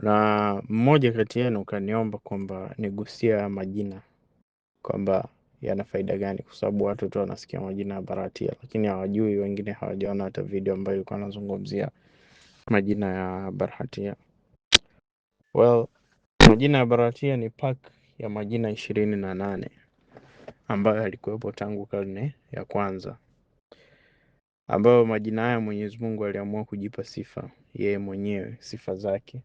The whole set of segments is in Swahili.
Kuna mmoja kati yenu kaniomba kwamba nigusia majina kwamba yana faida gani, kwa sababu watu tu wanasikia majina ya Baratia lakini hawajui, wengine hawajaona hata video ambayo ilikuwa anazungumzia majina ya barhatia Well, majina ya Baratia ni pack ya majina ishirini na nane ambayo yalikuwepo tangu karne ya kwanza, ambayo majina haya Mwenyezi Mungu aliamua kujipa sifa yeye mwenyewe, sifa zake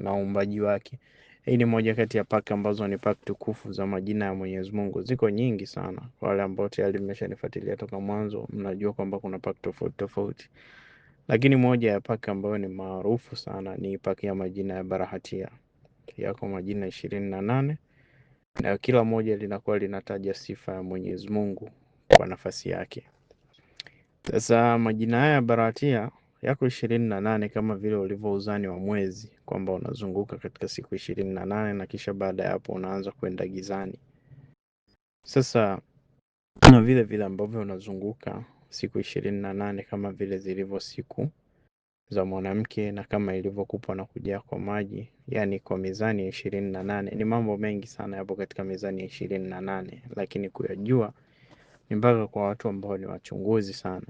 na uumbaji wake. Hii ni moja kati ya paki ambazo ni paki tukufu za majina ya Mwenyezi Mungu. Ziko nyingi sana. Kwa wale ambao tayari mmeshanifuatilia toka mwanzo, mnajua kwamba kuna paki tofauti tofauti, lakini moja ya paki ambayo ni maarufu sana ni paki ya majina ya Barahatia. Yako majina ishirini na nane na kila moja linakuwa linataja sifa ya Mwenyezi Mungu kwa nafasi yake. Sasa majina haya ya Barahatia yako ishirini na nane kama vile ulivyo uzani wa mwezi, kwamba unazunguka katika siku ishirini na nane na kisha baada ya hapo unaanza kwenda gizani. Sasa na vile vile ambavyo unazunguka siku ishirini na nane kama vile zilivyo siku za mwanamke na kama ilivyokupwa na kujaa kwa maji, yaani kwa mizani ya ishirini na nane. Ni mambo mengi sana yapo katika mizani ya ishirini na nane, lakini kuyajua ni mpaka kwa watu ambao ni wachunguzi sana.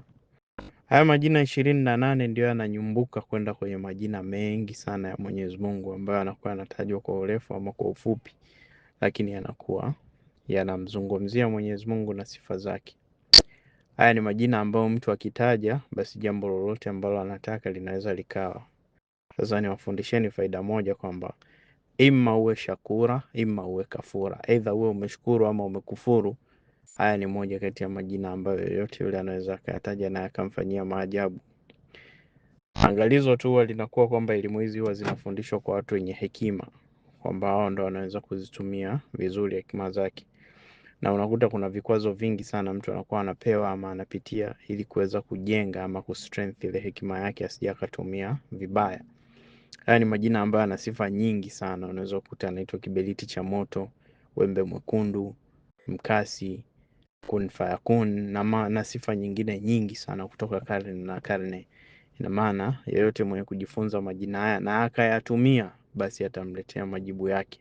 Haya majina ishirini na nane ndio yananyumbuka kwenda kwenye majina mengi sana ya Mwenyezi Mungu ambayo yanakuwa yanatajwa kwa urefu ama kwa ufupi, lakini yanakuwa yanamzungumzia Mwenyezi Mungu na sifa zake. Haya ni majina ambayo mtu akitaja, basi jambo lolote ambalo anataka linaweza likawa. Sasa niwafundisheni faida moja kwamba ima uwe shakura ima uwe kafura, aidha uwe umeshukuru ama umekufuru. Haya ni moja kati ya majina ambayo yoyote yule anaweza akayataja na akamfanyia maajabu. Angalizo tu huwa linakuwa kwamba elimu hizi huwa zinafundishwa kwa watu wenye hekima, kwamba hao ndo wanaweza kuzitumia vizuri hekima zake, na unakuta kuna vikwazo vingi sana mtu anakuwa anapewa ama anapitia ili kuweza kujenga ama kustrength ile hekima yake asije akatumia vibaya. Haya ni majina ambayo yana sifa nyingi sana, unaweza kukuta anaitwa kibeliti cha moto, wembe mwekundu, mkasi kun fayakun na, ma, na sifa nyingine nyingi sana kutoka karne na karne. Ina maana yeyote mwenye kujifunza majina haya na akayatumia basi atamletea majibu yake.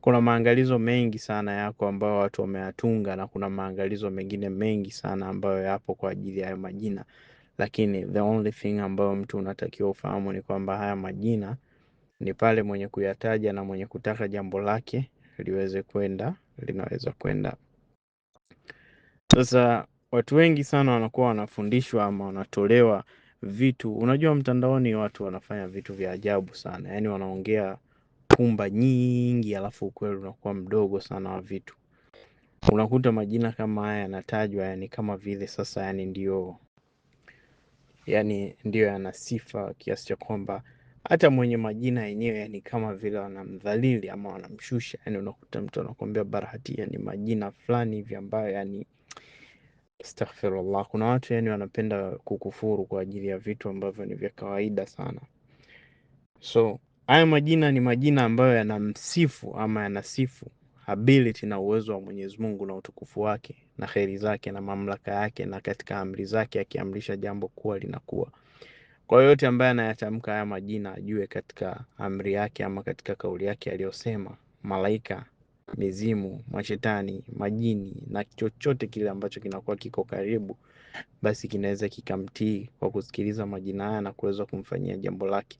Kuna maangalizo mengi sana yako ambayo watu wameyatunga na kuna maangalizo mengine mengi sana ambayo yapo kwa ajili ya hayo majina, lakini the only thing ambayo mtu unatakiwa ufahamu ni kwamba haya majina ni pale mwenye kuyataja na mwenye kutaka jambo lake liweze kwenda linaweza kwenda. Sasa watu wengi sana wanakuwa wanafundishwa ama wanatolewa vitu. Unajua mtandaoni watu wanafanya vitu vya ajabu sana, yaani wanaongea pumba nyingi, alafu ukweli unakuwa mdogo sana wa vitu. Unakuta majina kama haya yanatajwa, yani kama vile sasa, yani ndio, yani ndio yana sifa kiasi cha kwamba hata mwenye majina yenyewe yani kama vile wanamdhalili ama wanamshusha, yaani unakuta mtu anakuambia Barahati, ni yaani majina fulani hivi ambayo yani Astaghfirullah, kuna watu yani wanapenda kukufuru kwa ajili ya vitu ambavyo ni vya kawaida sana. So haya majina ni majina ambayo yanamsifu ama yanasifu ability na uwezo wa Mwenyezi Mungu na utukufu wake na kheri zake na mamlaka yake, na katika amri zake akiamrisha jambo kuwa linakuwa. Kwa yote ambaye anayatamka haya majina, ajue katika amri yake ama katika kauli yake aliyosema malaika mizimu, mashetani, majini na chochote kile ambacho kinakuwa kiko karibu, basi kinaweza kikamtii kwa kusikiliza majina haya na kuweza kumfanyia jambo lake.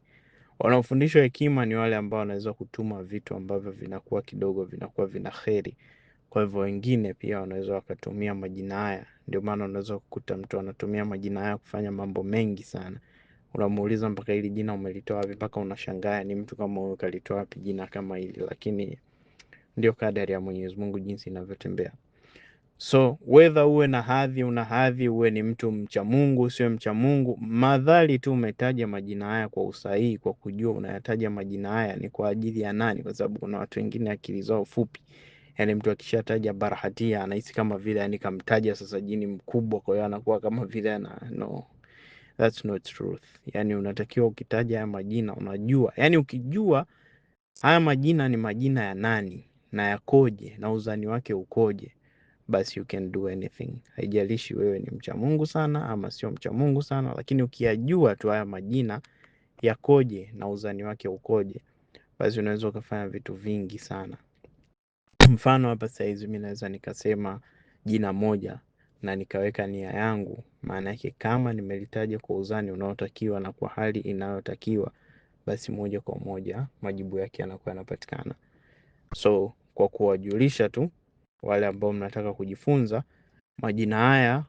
Wanaofundishwa hekima ni wale ambao wanaweza kutuma vitu ambavyo vinakuwa kidogo vinakuwa vina kheri. Kwa hivyo wengine pia wanaweza wakatumia majina haya, ndio maana unaweza kukuta mtu anatumia majina haya kufanya mambo mengi sana. Unamuuliza mpaka hili jina umelitoa wapi, mpaka unashangaa ni mtu kama huyu kalitoa wapi jina kama hili, lakini ndio kadari ya Mwenyezi Mungu jinsi inavyotembea. So wedha uwe na hadhi, una hadhi, uwe ni mtu mcha Mungu, usiwe mcha Mungu, madhali tu umetaja majina haya kwa usahihi, kwa kujua unayataja majina haya ni kwa ajili ya nani, kwa sababu kuna watu wengine akili zao fupi Yani mtu akishataja barahatia anahisi kama vile yani kamtaja sasa jini mkubwa, kwa hiyo anakuwa kama vile na no, that's not truth. Yani unatakiwa ukitaja haya majina unajua, yani ukijua haya majina ni majina ya nani, na yakoje na uzani wake ukoje, basi you can do anything. Haijalishi wewe ni mcha Mungu sana ama sio mcha Mungu sana, lakini ukiyajua tu haya majina yakoje na uzani wake ukoje, basi unaweza ukafanya vitu vingi sana. Mfano hapa saizi mi naweza nikasema jina moja na nikaweka nia yangu, maana yake kama nimelitaja kwa uzani unaotakiwa na kwa hali inayotakiwa, basi moja kwa moja majibu yake yanakuwa yanapatikana so kwa kuwajulisha tu wale ambao mnataka kujifunza majina haya.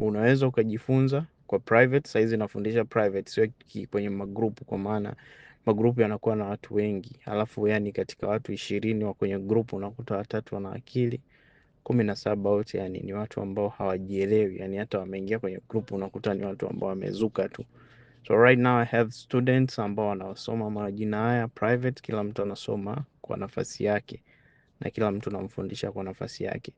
Unaweza ukajifunza kwa private. hizi nafundisha private, sio kwenye magrupu, kwa maana magrupu yanakuwa na watu wengi, alafu yani katika watu ishirini wa kwenye grupu unakuta watatu wana akili kumi na saba wote yani ni watu ambao hawajielewi, yani hata wameingia kwenye group unakuta ni watu ambao wamezuka tu. So right now I have students ambao wanasoma majina haya private, kila mtu anasoma kwa nafasi yake na kila mtu unamfundisha kwa nafasi yake,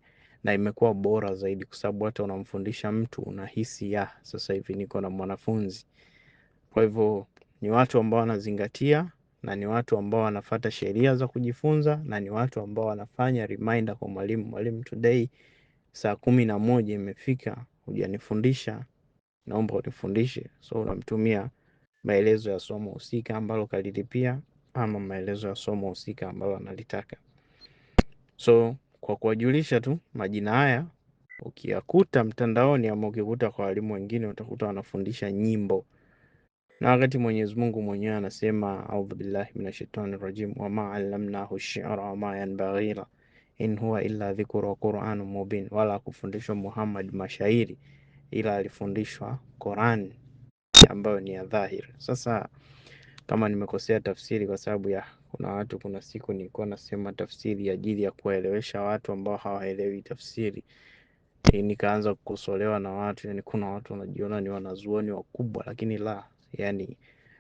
na imekuwa bora zaidi kwa sababu hata unamfundisha mtu unahisi ya sasa hivi niko na mwanafunzi. Kwa hivyo ni watu ambao wanazingatia na ni watu ambao wanafata sheria za kujifunza na ni watu ambao wanafanya reminder kwa mwalimu, mwalimu, today saa kumi na moja imefika, hujanifundisha, naomba unifundishe. So unamtumia maelezo ya somo husika ambalo kalilipia ama maelezo ya somo husika ambalo analitaka. So kwa kuwajulisha tu majina haya ukiyakuta mtandaoni ama ukikuta kwa walimu wengine utakuta wanafundisha nyimbo, na wakati Mwenyezi Mungu mwenyewe anasema, audhu billahi minashaitani rajim wama allamnahu shira wama yanbaghi in huwa illa dhikru wa quranu mubin, wala akufundishwa Muhammad mashairi ila alifundishwa quran ambayo ni ya dhahir Sasa kama nimekosea tafsiri kwa sababu ya kuna watu, kuna siku nilikuwa nasema tafsiri ajili ya kuwaelewesha watu ambao hawaelewi tafsiri e, nikaanza kukosolewa na watu. Yani kuna watu wanajiona ni wanazuoni wakubwa, lakini la, yani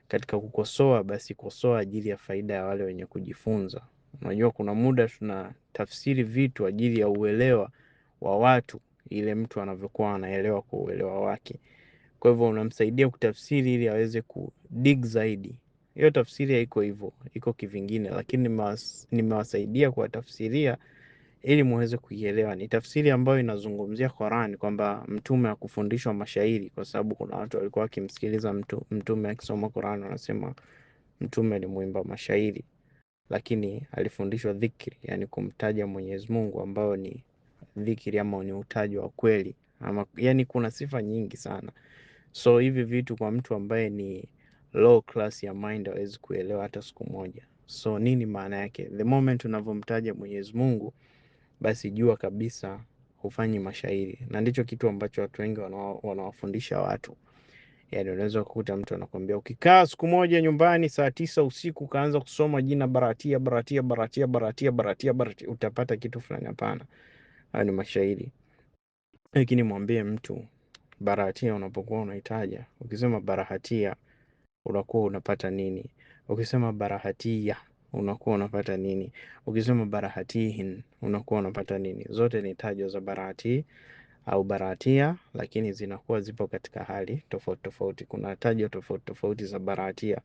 katika kukosoa, basi kosoa ajili ya faida ya wale wenye kujifunza. Unajua, kuna muda tuna tafsiri vitu ajili ya uelewa wa watu, ile mtu anavyokuwa anaelewa kwa uelewa wake. Kwa hivyo unamsaidia kutafsiri ili aweze kudig zaidi hiyo tafsiri haiko hivyo, iko kivingine, lakini nimewasaidia kuwatafsiria ili muweze kuielewa. Ni tafsiri ambayo inazungumzia Qur'an kwamba mtume hakufundishwa mashairi, kwa sababu kuna watu walikuwa wakimsikiliza mtu, mtume akisoma Qur'an wanasema mtume ni mwimba mashairi, lakini alifundishwa dhikri, yani kumtaja Mwenyezi Mungu ambayo ni dhikri ama ni utaji wa kweli ama, yani kuna sifa nyingi sana, so hivi vitu kwa mtu ambaye ni low class ya mind hawezi kuelewa hata siku moja. So nini maana yake? The moment unavyomtaja Mwenyezi Mungu, basi jua kabisa hufanyi mashairi, na ndicho kitu ambacho watu wengi wanawafundisha watu. Yani unaweza kukuta mtu anakwambia ukikaa siku moja nyumbani saa tisa usiku ukaanza kusoma jina baratia baratia baratia baratia baratia baratia, utapata kitu fulani. Hapana, hayo ni mashairi. Lakini mwambie mtu baratia unapokuwa unaitaja, ukisema barahatia unakuwa unapata nini? Ukisema barahatiya unakuwa unapata nini? Ukisema barahatihin unakuwa unapata nini? Zote ni tajo za barahati au barahatia, lakini zinakuwa zipo katika hali tofauti tofauti. Kuna tajo tofauti tofauti za barahatia.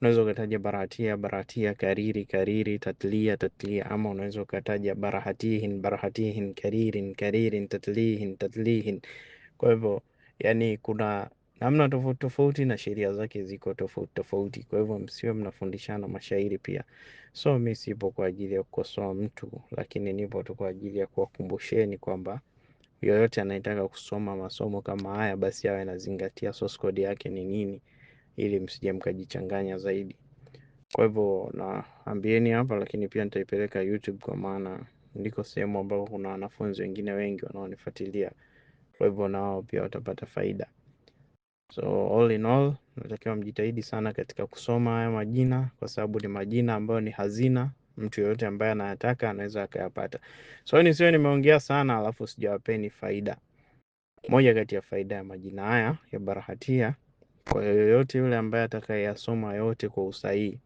Unaweza ukataja barahatia, barahatia, kariri, kariri, tatlia, tatlia, ama unaweza ukataja barahatihin, barahatihin, karirin, karirin, tatlihin, tatlihin. Kwa hivyo, yani kuna namna tofauti tofauti na sheria zake ziko tofauti tofauti. Kwa hivyo msiwe mnafundishana mashairi pia. So mi sipo kwa ajili ya kukosoa mtu, lakini nipo tu kwa ajili ya kuwakumbusheni kwamba yoyote anayetaka kusoma masomo kama haya basi awe anazingatia source code yake ni nini, ili msije mkajichanganya zaidi. Kwa hivyo naambieni hapa, lakini pia nitaipeleka YouTube kwa maana ndiko sehemu ambapo kuna wanafunzi wengine wengi wanaonifuatilia, kwa hivyo nao pia watapata faida. So all in all, natakiwa mjitahidi sana katika kusoma haya majina, kwa sababu ni majina ambayo ni hazina mtu yoyote ambaye anayataka anaweza akayapata. So nisiwe nimeongea sana alafu sijawapeni faida. Moja kati ya faida ya majina haya ya barahatia, kwa yoyote yule ambaye atakayeyasoma yote kwa usahihi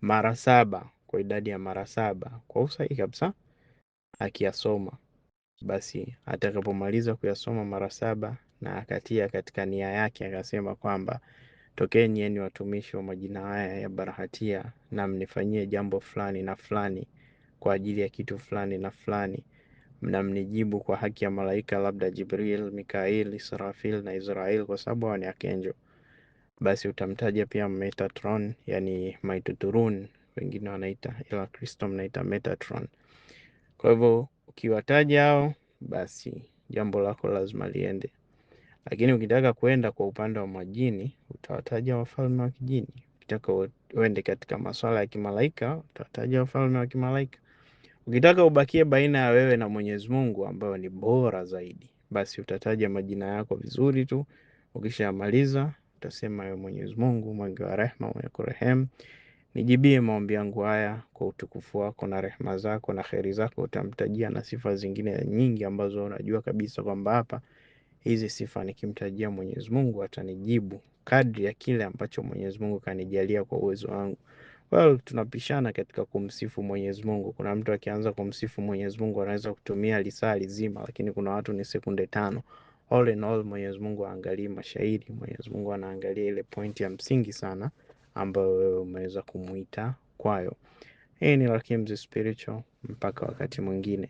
mara saba, kwa idadi ya mara saba kwa usahihi kabisa, akiyasoma basi atakapomaliza kuyasoma mara saba na akatia katika nia yake akasema kwamba tokeni yeni watumishi wa majina haya ya barahatia na mnifanyie jambo fulani na fulani kwa ajili ya kitu fulani na fulani na mnijibu kwa haki ya malaika labda Jibril, Mikail, Israfil na Israel kwa sababu hao ni akenjo. Basi utamtaja pia Metatron, yani Maituturun wengine wanaita, ila Kristo mnaita Metatron. Kwa hivyo ukiwataja hao, basi jambo lako lazima liende. Lakini ukitaka kwenda kwa upande wa majini utawataja wafalme wa kijini. Ukitaka uende katika masuala ya kimalaika utawataja wafalme wa kimalaika. Ukitaka ubakie baina ya wewe na Mwenyezi Mungu ambayo ni bora zaidi, basi utataja majina yako vizuri tu. Ukishamaliza utasema, ewe Mwenyezi Mungu mwingi wa rehema, mwenye kurehemu, nijibie maombi yangu haya kwa utukufu wako na rehema zako na kheri zako. Utamtajia na sifa zingine nyingi ambazo unajua kabisa kwamba hapa Hizi sifa nikimtajia Mwenyezi Mungu atanijibu kadri ya kile ambacho Mwenyezi Mungu kanijalia kwa uwezo wangu. Well, tunapishana katika kumsifu Mwenyezi Mungu. Kuna mtu akianza kumsifu Mwenyezi Mungu anaweza kutumia lisaa lizima, lakini kuna watu ni sekunde tano. All in all, Mwenyezi Mungu aangalii mashairi. Mwenyezi Mungu anaangalia ile pointi ya msingi sana ambayo wewe umeweza kumuita kwayo. Hii ni Rakims Spiritual, mpaka wakati mwingine.